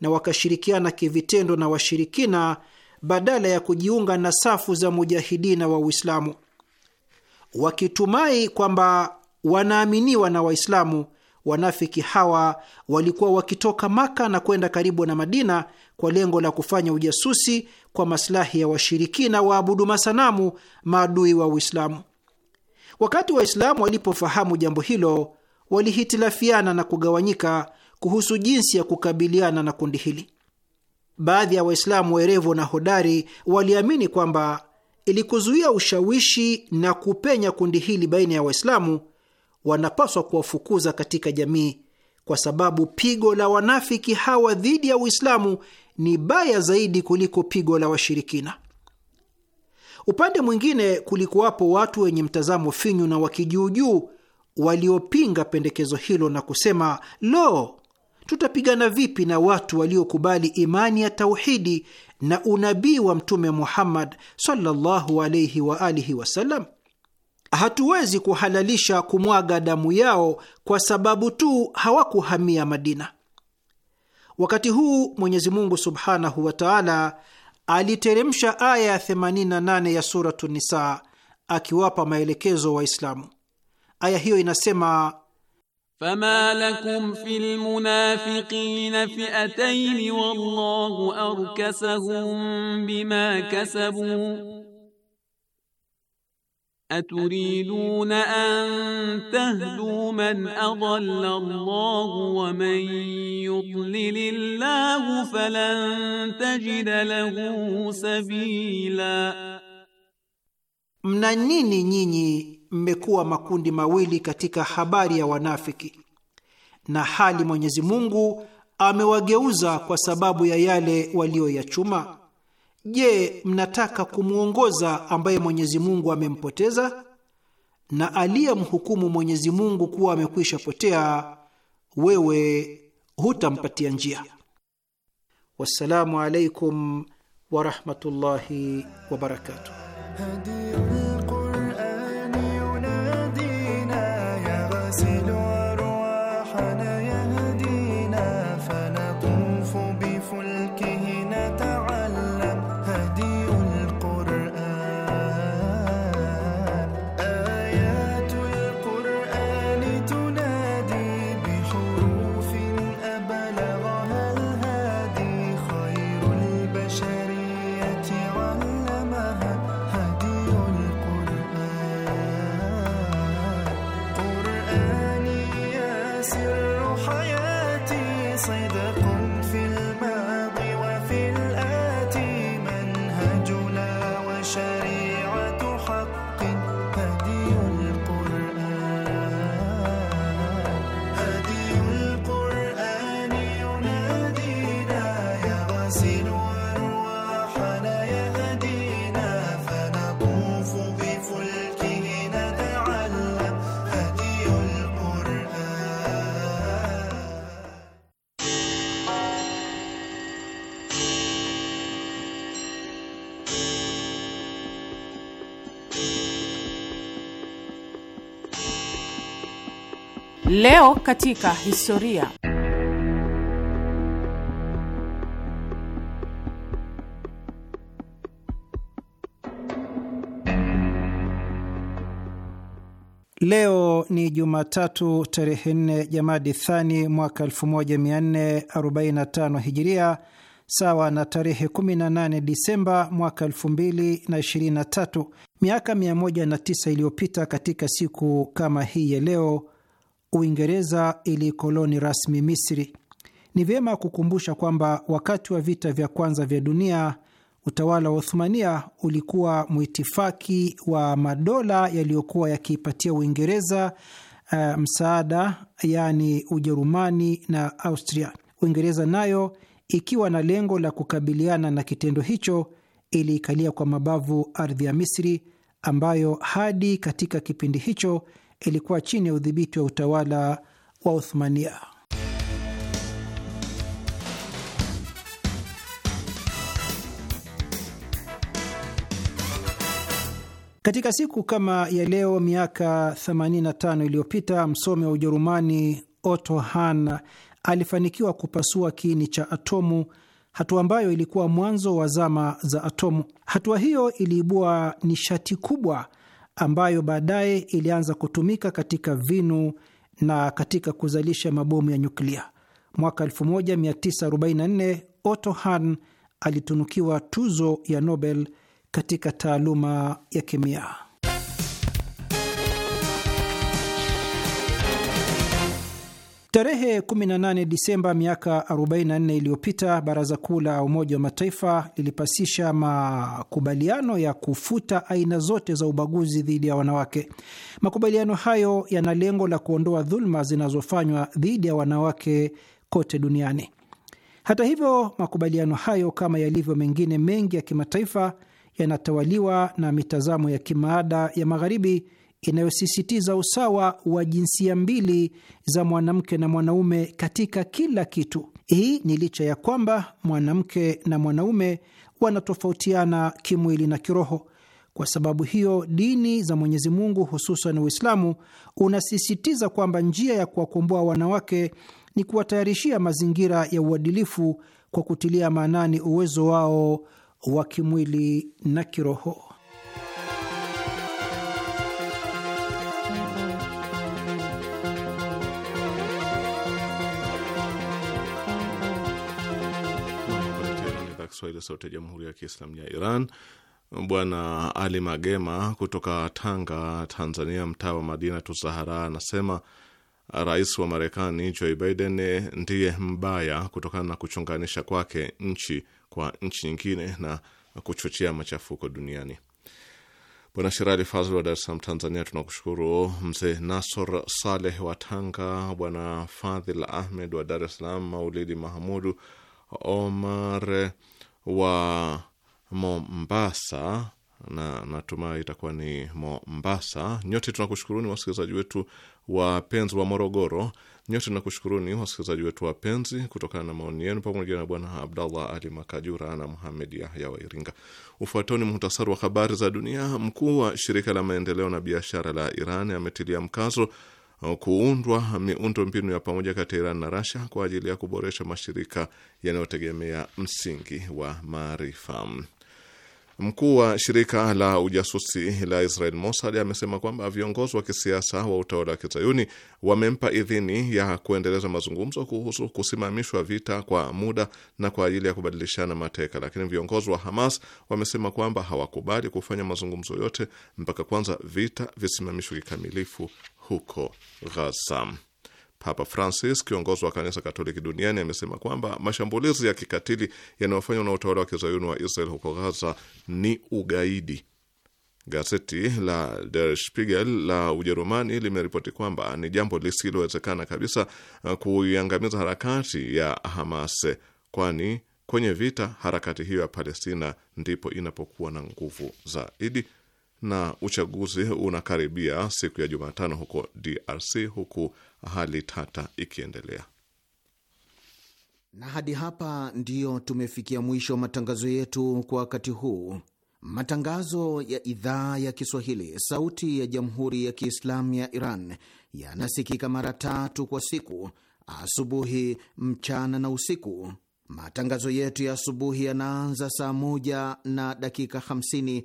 S5: na wakashirikiana kivitendo na washirikina badala ya kujiunga na safu za mujahidina wa Uislamu wakitumai kwamba wanaaminiwa na Waislamu. Wanafiki hawa walikuwa wakitoka Maka na kwenda karibu na Madina kwa lengo la kufanya ujasusi kwa maslahi ya washirikina waabudu masanamu, maadui wa Uislamu. Wakati Waislamu walipofahamu jambo hilo, walihitilafiana na kugawanyika kuhusu jinsi ya kukabiliana na kundi hili. Baadhi ya Waislamu werevu na hodari waliamini kwamba ili kuzuia ushawishi na kupenya kundi hili baina ya Waislamu, wanapaswa kuwafukuza katika jamii, kwa sababu pigo la wanafiki hawa dhidi ya Uislamu ni baya zaidi kuliko pigo la washirikina. Upande mwingine, kulikuwapo watu wenye mtazamo finyu na wakijuujuu waliopinga pendekezo hilo na kusema, lo, tutapigana vipi na watu waliokubali imani ya tauhidi na unabii wa Mtume Muhammad sallallahu alaihi wa alihi wasallam? hatuwezi kuhalalisha kumwaga damu yao kwa sababu tu hawakuhamia Madina. Wakati huu Mwenyezi Mungu subhanahu wa taala aliteremsha aya ya 88 ya Suratu Nisa akiwapa maelekezo Waislamu. Aya hiyo inasema
S7: Fama lakum fil munafiqina fi'atayn wallahu arkasahum bima kasabu Aturidun an tahdu man adalla Allahu wa man yudlilillahu falan tajida lahu sabila,
S5: mna nini nyinyi mmekuwa makundi mawili katika habari ya wanafiki, na hali Mwenyezi Mungu amewageuza kwa sababu ya yale walioyachuma Je, mnataka kumwongoza ambaye Mwenyezi Mungu amempoteza na aliyemhukumu Mwenyezi Mungu kuwa amekwisha potea, wewe hutampatia njia. Wassalamu alaikum warahmatullahi wabarakatuh.
S2: Leo katika historia.
S5: Leo ni Jumatatu, tarehe nne Jamadi Thani mwaka 1445 Hijiria, sawa na tarehe 18 Disemba mwaka 2023. Miaka 109 iliyopita katika siku kama hii ya leo Uingereza ilikoloni rasmi Misri. Ni vyema kukumbusha kwamba wakati wa vita vya kwanza vya dunia utawala wa Uthmania ulikuwa mwitifaki wa madola yaliyokuwa yakiipatia Uingereza uh, msaada, yaani Ujerumani na Austria. Uingereza nayo ikiwa na lengo la kukabiliana na kitendo hicho iliikalia kwa mabavu ardhi ya Misri ambayo hadi katika kipindi hicho ilikuwa chini ya udhibiti wa utawala wa Uthmania. Katika siku kama ya leo miaka 85 iliyopita msomi wa Ujerumani Otto Hahn alifanikiwa kupasua kiini cha atomu, hatua ambayo ilikuwa mwanzo wa zama za atomu. Hatua hiyo iliibua nishati kubwa ambayo baadaye ilianza kutumika katika vinu na katika kuzalisha mabomu ya nyuklia. Mwaka 1944 Otto Hahn alitunukiwa tuzo ya Nobel katika taaluma ya kemia. Tarehe 18 Disemba miaka 44 iliyopita baraza kuu la Umoja wa Mataifa lilipasisha makubaliano ya kufuta aina zote za ubaguzi dhidi ya wanawake. Makubaliano hayo yana lengo la kuondoa dhuluma zinazofanywa dhidi ya wanawake kote duniani. Hata hivyo, makubaliano hayo kama yalivyo mengine mengi ya kimataifa yanatawaliwa na mitazamo ya kimaada ya Magharibi inayosisitiza usawa wa jinsia mbili za mwanamke na mwanaume katika kila kitu. Hii ni licha ya kwamba mwanamke na mwanaume wanatofautiana kimwili na kiroho. Kwa sababu hiyo, dini za Mwenyezi Mungu, hususan Uislamu, unasisitiza kwamba njia ya kuwakomboa wanawake ni kuwatayarishia mazingira ya uadilifu kwa kutilia maanani uwezo wao wa kimwili na kiroho.
S3: Kiswahili Sauti ya Jamhuri ya Kiislamu ya Iran. Bwana Ali Magema kutoka Tanga, Tanzania, mtaa wa Madina Tuzahara, anasema rais wa Marekani Joe Biden ndiye mbaya kutokana na kuchunganisha kwake nchi kwa nchi nyingine na kuchochea machafuko duniani. Bwana Shirali Fazl wa Dar es Salaam, Tanzania, tunakushukuru. Mzee Nasor Saleh wa Tanga, Bwana Fadhil Ahmed wa Dar es Salaam, Maulidi Mahamudu Omar wa Mombasa na natumai itakuwa ni Mombasa. Nyote tunakushukuruni wasikilizaji wetu wapenzi wa Morogoro. Nyote tunakushukuruni wasikilizaji wetu wapenzi kutokana na maoni yenu, pamoja na Bwana Abdallah Ali Makajura na Muhamed Yahya wa Iringa. Ufuatao ni muhtasari wa habari za dunia. Mkuu wa shirika la maendeleo na biashara la Iran ametilia mkazo kuundwa miundo mbinu ya pamoja kati ya Iran na rasia kwa ajili ya kuboresha mashirika yanayotegemea msingi wa maarifa. Mkuu wa shirika la ujasusi la Israel Mossad amesema kwamba viongozi wa kisiasa wa utawala wa kizayuni wamempa idhini ya kuendeleza mazungumzo kuhusu kusimamishwa vita kwa muda na kwa ajili ya kubadilishana mateka, lakini viongozi wa Hamas wamesema kwamba hawakubali kufanya mazungumzo yote mpaka kwanza vita visimamishwe kikamilifu huko Ghaza. Papa Francis, kiongozi wa kanisa Katoliki duniani, amesema kwamba mashambulizi ya kikatili yanayofanywa na utawala wa kizayuni wa Israel huko Ghaza ni ugaidi. Gazeti la Der Spiegel la Ujerumani limeripoti kwamba ni jambo lisilowezekana kabisa uh, kuiangamiza harakati ya Hamas, kwani kwenye vita harakati hiyo ya Palestina ndipo inapokuwa na nguvu zaidi na uchaguzi unakaribia siku ya Jumatano huko DRC, huku hali tata ikiendelea.
S8: Na hadi hapa ndiyo tumefikia mwisho wa matangazo yetu kwa wakati huu. Matangazo ya idhaa ya Kiswahili, sauti ya jamhuri ya kiislamu ya Iran yanasikika mara tatu kwa siku: asubuhi, mchana na usiku. Matangazo yetu ya asubuhi yanaanza saa moja na dakika hamsini